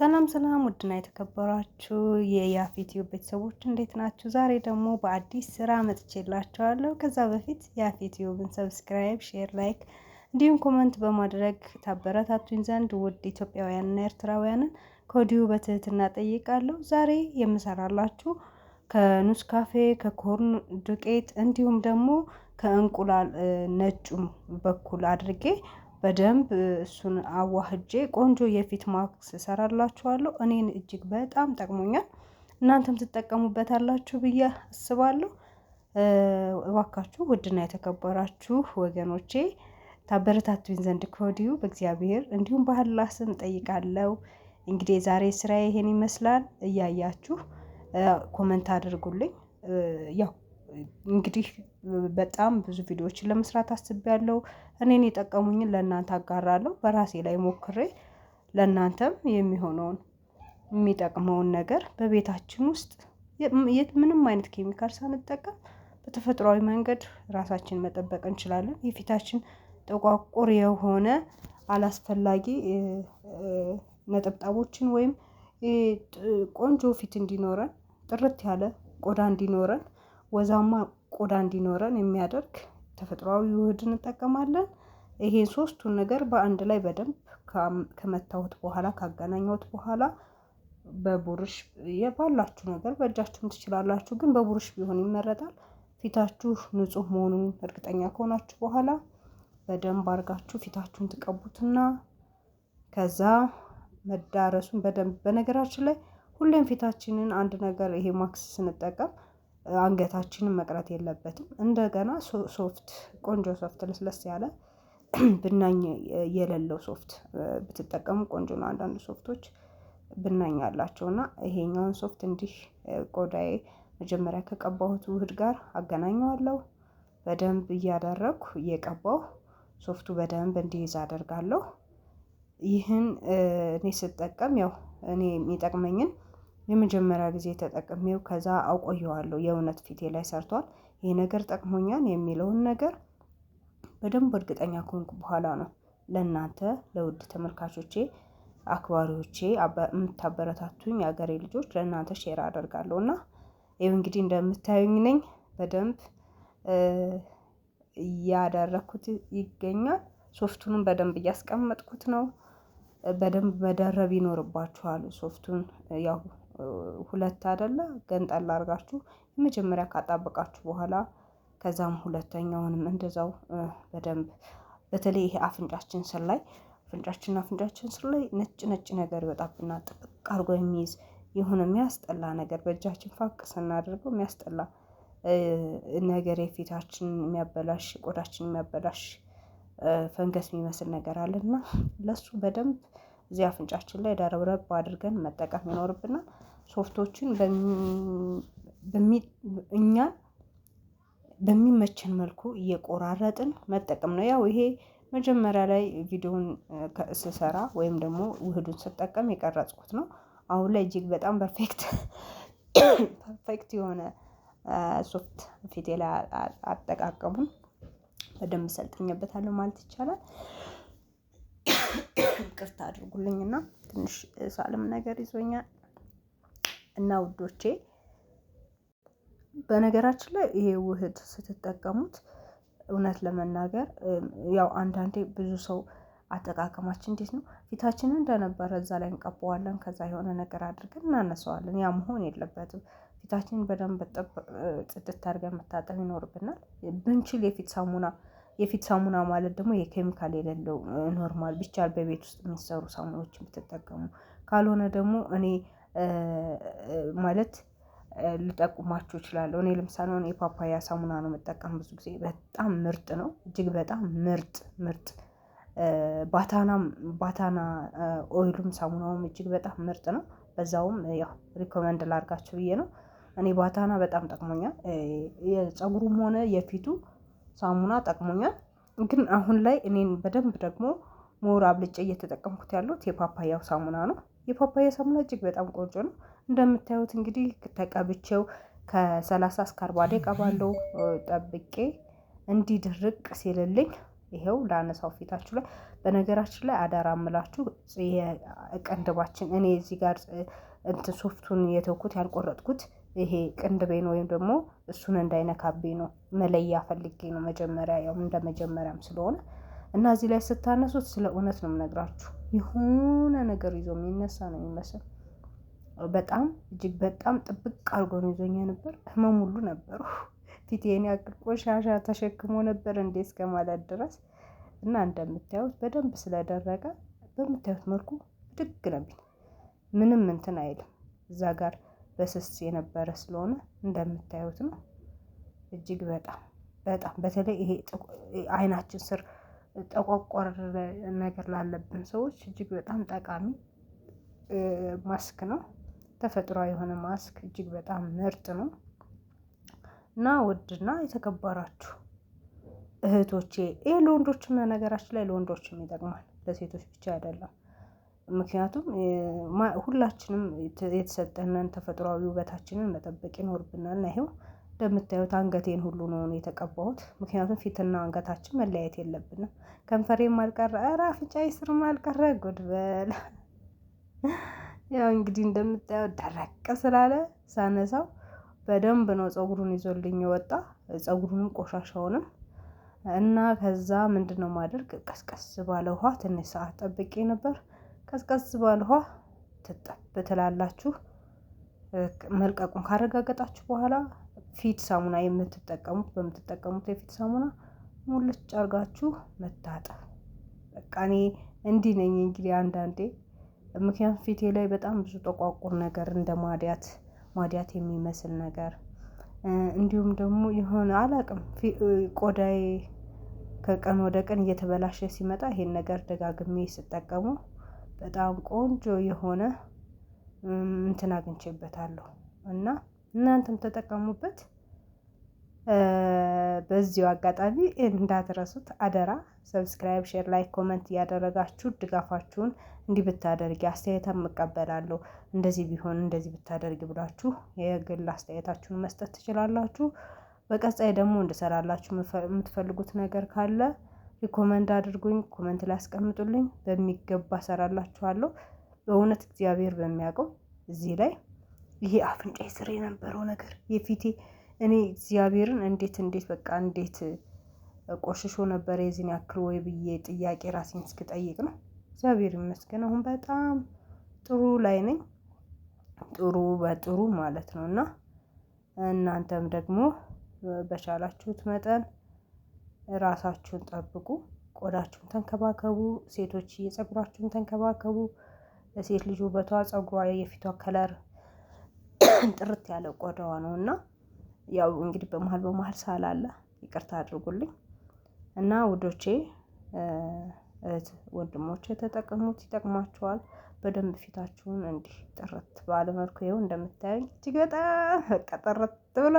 ሰላም ሰላም፣ ውድና የተከበሯችሁ የያፊት ዩብ ቤተሰቦች እንዴት ናችሁ? ዛሬ ደግሞ በአዲስ ስራ መጥቼላችኋለሁ። ከዛ በፊት ያፊት ዩብን ሰብስክራይብ፣ ሼር፣ ላይክ እንዲሁም ኮመንት በማድረግ ታበረታቱኝ ዘንድ ውድ ኢትዮጵያውያንና ኤርትራውያንን ከወዲሁ በትህትና ጠይቃለሁ። ዛሬ የምሰራላችሁ ከኑስ ካፌ ከኮርን ዱቄት እንዲሁም ደግሞ ከእንቁላል ነጩም በኩል አድርጌ በደንብ እሱን አዋህጄ ቆንጆ የፊት ማስክ እሰራላችኋለሁ። እኔን እጅግ በጣም ጠቅሞኛል። እናንተም ትጠቀሙበታላችሁ ብዬ አስባለሁ። እባካችሁ ውድና የተከበራችሁ ወገኖቼ ታበረታቱኝ ዘንድ ከወዲሁ በእግዚአብሔር እንዲሁም በአላህ ስም እጠይቃለሁ። እንግዲህ ዛሬ ስራ ይሄን ይመስላል። እያያችሁ ኮመንት አድርጉልኝ ያው እንግዲህ በጣም ብዙ ቪዲዮዎችን ለመስራት አስቤያለሁ። እኔን የጠቀሙኝን ለእናንተ አጋራለሁ በራሴ ላይ ሞክሬ ለእናንተም የሚሆነውን የሚጠቅመውን ነገር በቤታችን ውስጥ ምንም አይነት ኬሚካል ሳንጠቀም በተፈጥሯዊ መንገድ ራሳችንን መጠበቅ እንችላለን። የፊታችን ጠቋቁር የሆነ አላስፈላጊ ነጠብጣቦችን ወይም ቆንጆ ፊት እንዲኖረን ጥርት ያለ ቆዳ እንዲኖረን ወዛማ ቆዳ እንዲኖረን የሚያደርግ ተፈጥሯዊ ውህድ እንጠቀማለን። ይሄን ሶስቱን ነገር በአንድ ላይ በደንብ ከመታሁት በኋላ ካገናኘሁት በኋላ በቡርሽ ባላችሁ ነገር በእጃችሁም ትችላላችሁ፣ ግን በቡርሽ ቢሆን ይመረጣል። ፊታችሁ ንጹህ መሆኑን እርግጠኛ ከሆናችሁ በኋላ በደንብ አድርጋችሁ ፊታችሁን ትቀቡትና ከዛ መዳረሱን በደንብ በነገራችን ላይ ሁሌም ፊታችንን አንድ ነገር ይሄ ማክስ ስንጠቀም አንገታችንን መቅረት የለበትም። እንደገና ሶፍት ቆንጆ ሶፍት ለስለስ ያለ ብናኝ የሌለው ሶፍት ብትጠቀሙ ቆንጆ ነው። አንዳንድ ሶፍቶች ብናኝ አላቸው እና ይሄኛውን ሶፍት እንዲህ ቆዳዬ መጀመሪያ ከቀባሁት ውህድ ጋር አገናኘዋለሁ። በደንብ እያደረግኩ እየቀባሁ ሶፍቱ በደንብ እንዲይዝ አደርጋለሁ። ይህን እኔ ስጠቀም ያው እኔ የሚጠቅመኝን የመጀመሪያ ጊዜ ተጠቅሜው ከዛ አውቆየዋለሁ የእውነት ፊቴ ላይ ሰርቷል ይህ ነገር ጠቅሞኛል የሚለውን ነገር በደንብ እርግጠኛ ከሆንኩ በኋላ ነው ለእናንተ ለውድ ተመልካቾቼ አክባሪዎቼ የምታበረታቱኝ የአገሬ ልጆች ለእናንተ ሼር አደርጋለሁ እና ይኸው እንግዲህ እንደምታዩኝ ነኝ በደንብ እያደረግኩት ይገኛል ሶፍቱንም በደንብ እያስቀመጥኩት ነው በደንብ መደረብ ይኖርባችኋል ሶፍቱን ያው ሁለት አይደለ ገንጠል አድርጋችሁ የመጀመሪያ ካጣበቃችሁ በኋላ ከዛም ሁለተኛውንም እንደዛው በደንብ በተለይ ይሄ አፍንጫችን ስር ላይ አፍንጫችን አፍንጫችን ስር ላይ ነጭ ነጭ ነገር ይወጣብና ጥቅቅ አድርጎ የሚይዝ የሆነ የሚያስጠላ ነገር በእጃችን ፋቅ ስናደርገው የሚያስጠላ ነገር የፊታችን የሚያበላሽ ቆዳችን የሚያበላሽ ፈንገስ የሚመስል ነገር እና ለሱ በደንብ እዚህ አፍንጫችን ላይ ደረብረብ አድርገን መጠቀም ይኖርብናል። ሶፍቶችን እኛ በሚመችን መልኩ እየቆራረጥን መጠቀም ነው። ያው ይሄ መጀመሪያ ላይ ቪዲዮን ስሰራ ወይም ደግሞ ውህዱን ስጠቀም የቀረጽኩት ነው። አሁን ላይ እጅግ በጣም ፐርፌክት ፐርፌክት የሆነ ሶፍት ፊቴ ላይ አጠቃቀሙን በደንብ ሰልጥኝበታለሁ ማለት ይቻላል። ይቅርታ አድርጉልኝና ትንሽ ሳልም ነገር ይዞኛል እና ውዶቼ፣ በነገራችን ላይ ይሄ ውህድ ስትጠቀሙት እውነት ለመናገር ያው አንዳንዴ ብዙ ሰው አጠቃቀማችን እንዴት ነው? ፊታችንን እንደነበረ እዛ ላይ እንቀባዋለን። ከዛ የሆነ ነገር አድርገን እናነሰዋለን ያ መሆን የለበትም። ፊታችንን በደንብ ጽድት አድርገን መታጠብ ይኖርብናል። ብንችል የፊት ሳሙና የፊት ሳሙና ማለት ደግሞ የኬሚካል የሌለው ኖርማል ብቻ በቤት ውስጥ የሚሰሩ ሳሙናዎችን ብትጠቀሙ፣ ካልሆነ ደግሞ እኔ ማለት ልጠቁማችሁ እችላለሁ። እኔ ለምሳሌ ሆነ የፓፓያ ሳሙና ነው መጠቀም ብዙ ጊዜ በጣም ምርጥ ነው። እጅግ በጣም ምርጥ ምርጥ ባታናም ባታና ኦይሉም ሳሙናውም እጅግ በጣም ምርጥ ነው። በዛውም ያው ሪኮመንድ ላርጋችሁ ብዬ ነው። እኔ ባታና በጣም ጠቅሞኛል። የፀጉሩም ሆነ የፊቱ ሳሙና ጠቅሞኛል። ግን አሁን ላይ እኔን በደንብ ደግሞ ሞር አብልጬ እየተጠቀምኩት ያለሁት የፓፓያው ሳሙና ነው። የፓፓያ ሳሙና እጅግ በጣም ቆንጆ ነው። እንደምታዩት እንግዲህ ተቀብቼው ከሰላሳ እስከ አርባ ደቂቃ ባለው ጠብቄ እንዲድርቅ ሲልልኝ ይኸው ላነሳው ፊታችሁ ላይ። በነገራችን ላይ አዳራ ምላችሁ የቅንድባችን እኔ እዚህ ጋር እንትን ሶፍቱን የተውኩት ያልቆረጥኩት ይሄ ቅንድቤ ነው ወይም ደግሞ እሱን እንዳይነካብኝ ነው መለያ ፈልጌ ነው መጀመሪያ ያው እንደ መጀመሪያም ስለሆነ እና እዚህ ላይ ስታነሱት ስለ እውነት ነው የምነግራችሁ። የሆነ ነገር ይዞ የሚነሳ ነው የሚመስል በጣም እጅግ በጣም ጥብቅ አድርጎ ነው ይዞኝ ነበር። ህመም ሁሉ ነበሩ። ፊቴን ያክል ቆሻሻ ተሸክሞ ነበር እንዴ እስከ ማለት ድረስ እና እንደምታዩት በደንብ ስለደረቀ በምታዩት መልኩ ብድግ ነብኝ። ምንም እንትን አይልም እዛ ጋር በስስ የነበረ ስለሆነ እንደምታዩት ነው። እጅግ በጣም በጣም በተለይ ይሄ አይናችን ስር ጠቆቆር ነገር ላለብን ሰዎች እጅግ በጣም ጠቃሚ ማስክ ነው። ተፈጥሯዊ የሆነ ማስክ እጅግ በጣም ምርጥ ነው እና ውድና የተከበራችሁ እህቶቼ ይህ ለወንዶችም ነገራችን ላይ ለወንዶችም ይጠቅማል፣ ለሴቶች ብቻ አይደለም። ምክንያቱም ሁላችንም የተሰጠንን ተፈጥሯዊ ውበታችንን መጠበቅ ይኖርብናል። ይሄው እንደምታዩት አንገቴን ሁሉ ነው እኔ የተቀባሁት ምክንያቱም ፊትና አንገታችን መለያየት የለብንም። ከንፈሬም አልቀረ ኧረ አፍንጫዬ ስርም አልቀረ ጉድ በል። ያው እንግዲህ እንደምታየው ደረቅ ስላለ ሳነሳው በደንብ ነው ፀጉሩን ይዞልኝ የወጣ ፀጉሩንም ቆሻሻውንም እና ከዛ ምንድነው ማደርግ ቀስቀስ ባለ ውሃ ትንሽ ሰዓት ጠብቄ ነበር ቀዝቀዝ ባለ ውሃ ትጠብ ትላላችሁ። መልቀቁን ካረጋገጣችሁ በኋላ ፊት ሳሙና የምትጠቀሙት በምትጠቀሙት የፊት ሳሙና ሙልጭ አርጋችሁ መታጠብ። በቃ እኔ እንዲህ ነኝ እንግዲህ አንዳንዴ፣ ምክንያቱም ፊቴ ላይ በጣም ብዙ ጠቋቁር ነገር እንደ ማዲያት ማዲያት የሚመስል ነገር እንዲሁም ደግሞ የሆነ አላቅም ቆዳዬ ከቀን ወደ ቀን እየተበላሸ ሲመጣ ይሄን ነገር ደጋግሜ ስጠቀመው። በጣም ቆንጆ የሆነ እንትን አግኝቼበታለሁ እና እናንተም ተጠቀሙበት። በዚሁ አጋጣሚ እንዳትረሱት አደራ፣ ሰብስክራይብ፣ ሼር፣ ላይክ፣ ኮመንት እያደረጋችሁ ድጋፋችሁን እንዲህ ብታደርጊ አስተያየትም እቀበላለሁ፣ እንደዚህ ቢሆን እንደዚህ ብታደርጊ ብላችሁ የግል አስተያየታችሁን መስጠት ትችላላችሁ። በቀጣይ ደግሞ እንድሰራላችሁ የምትፈልጉት ነገር ካለ ኮመንት አድርጉኝ፣ ኮመንት ላይ አስቀምጡልኝ። በሚገባ ሰራላችኋለሁ። በእውነት እግዚአብሔር በሚያውቀው እዚህ ላይ ይሄ አፍንጫ ስር የነበረው ነገር የፊቴ እኔ እግዚአብሔርን እንዴት እንዴት በቃ እንዴት ቆሽሾ ነበረ የዚህን ያክል ወይ ብዬ ጥያቄ ራሴን እስክጠይቅ ነው። እግዚአብሔር ይመስገን አሁን በጣም ጥሩ ላይ ነኝ። ጥሩ በጥሩ ማለት ነው እና እናንተም ደግሞ በቻላችሁት መጠን ራሳችሁን ጠብቁ፣ ቆዳችሁን ተንከባከቡ። ሴቶች የፀጉራችሁን ተንከባከቡ። ሴት ልጅ ውበቷ ፀጉሯ፣ የፊቷ ከለር ጥርት ያለ ቆዳዋ ነው እና ያው እንግዲህ በመሀል በመሀል ሳላለ ይቅርታ አድርጉልኝ እና ውዶቼ እህት ወንድሞቼ ተጠቅሙት፣ ይጠቅማቸዋል። በደንብ ፊታችሁን እንዲህ ጥርት ባለ መልኩ ይኸው እንደምታዩኝ እጅግ በጣም በቃ ጥርት ብሏል።